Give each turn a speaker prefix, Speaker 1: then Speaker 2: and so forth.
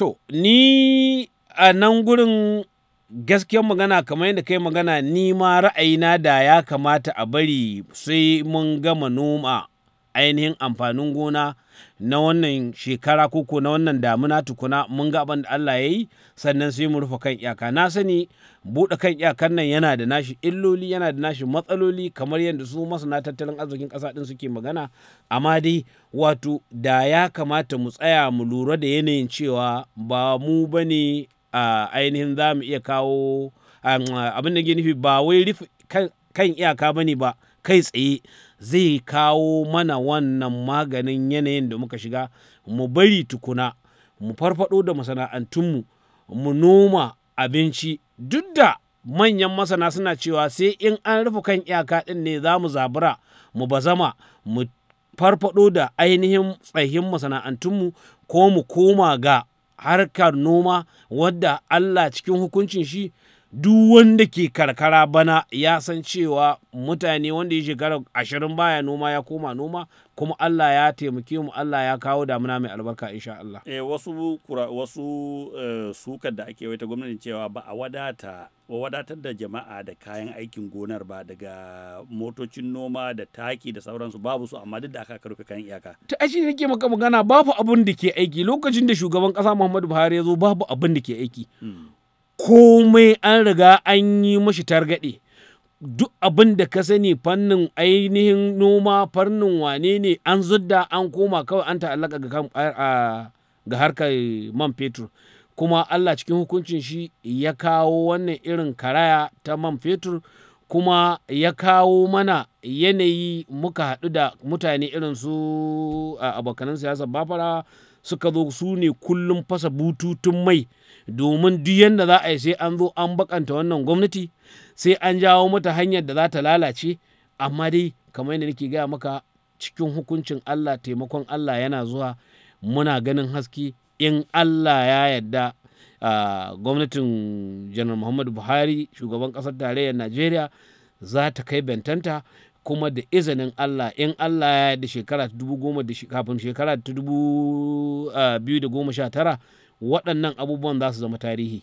Speaker 1: To, ni a nan gurin gaskiyar magana kamar yadda kai magana ni ma ra'ayina da ya kamata a bari sai mun gama noma ainihin amfanin gona na wannan shekara koko na wannan damuna tukuna mun ga abin da Allah ya yi sannan sai mu rufe kan iyaka na sani buɗe kan iyakan nan yana da nashi illoli yana da nashi matsaloli kamar yadda su masana tattalin arzikin ƙasa ɗin suke magana amma dai wato da ya kamata mu tsaya mu lura da yanayin cewa ba mu bane a ainihin za mu iya kawo abin da ke nufi ba wai rufe kan iyaka bane ba kai tsaye zai kawo mana wannan maganin yanayin da muka shiga mu bari tukuna mu farfado da masana'antunmu mu noma abinci duk da manyan masana suna cewa sai in an rufe kan iyaka ɗin ne za mu zabura mu bazama mu farfado da ainihin tsayin masana'antunmu ko mu koma ga harkar noma wadda Allah cikin hukuncin shi duk wanda ke karkara bana ya san cewa mutane wanda ya shekara ashirin baya noma ya koma noma kuma Allah ya taimake mu Allah ya kawo damuna mai albarka insha Allah.
Speaker 2: Eh wasu eh, sukar da ake waita gwamnatin cewa ba a wadata wa wadatar da jama'a da kayan aikin gonar ba daga motocin noma da taki da sauransu babu su amma duk da aka karfe kan iyaka.
Speaker 1: Ta ashe nake maka magana babu abin da ke aiki lokacin da shugaban kasa Muhammadu Buhari ya zo babu abin da ke aiki. Hmm. komai an riga an yi mashi targaɗe duk abin da ka sani fannin ainihin noma fannin wane ne an zudda an koma kawai an ta'allaka ga harkar man fetur kuma allah cikin hukuncin shi ya kawo wannan irin karaya ta man fetur kuma ya kawo mana yanayi muka haɗu da mutane irin su abokanan siyasar bafara suka zo su ne kullum fasa bututun mai domin duk yadda za a yi sai an zo an bakanta wannan gwamnati sai an jawo mata hanyar da za ta lalace amma dai kamar yadda nake gaya maka cikin hukuncin Allah taimakon Allah yana zuwa muna ganin haske in Allah ya yadda gwamnatin janar muhammadu buhari shugaban ƙasar tarayyar najeriya za ta kai bentanta kuma da izinin Allah in Allah ya da shekara dubu goma da kafin shekara ta dubu ah, biyu da goma sha tara waɗannan abubuwan za su zama tarihi